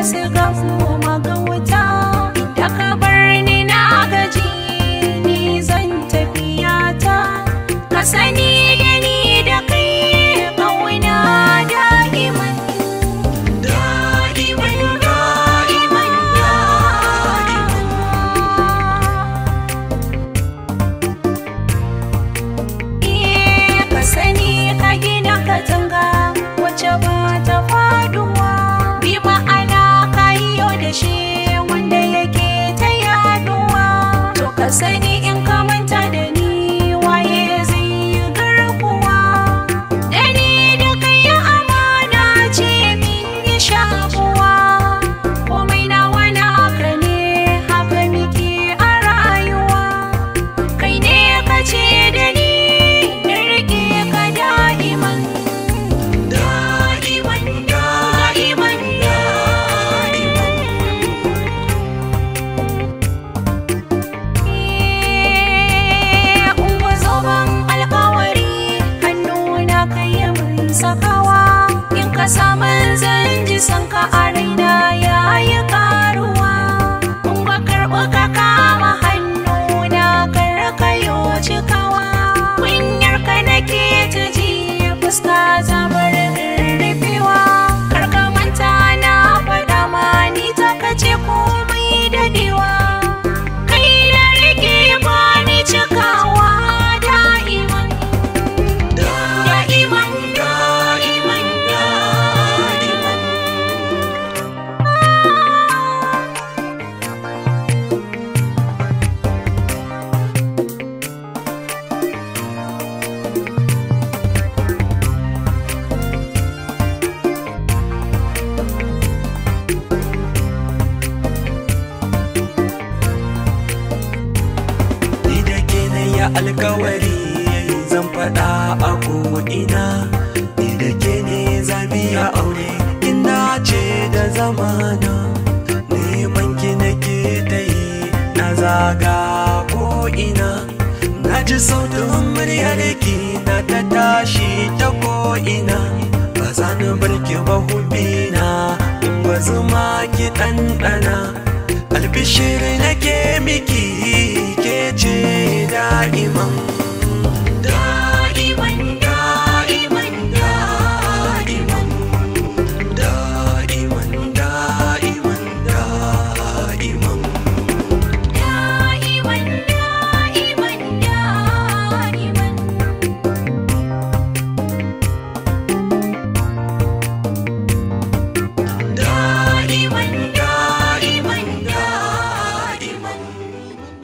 esse gás no ka samun zan ji sanka a raina ya yi karuwa kun ba karɓo kaka alkawari zan faɗa a ko'ina ni da ke ne zabiya aure ina ce da zamana neman ki nake ta yi na zaga ko'ina na ji sautin muryar ki na ta tashi ta ko'ina ba za ni barki ba hubina ba zuma ki ɗanɗana na nake miki my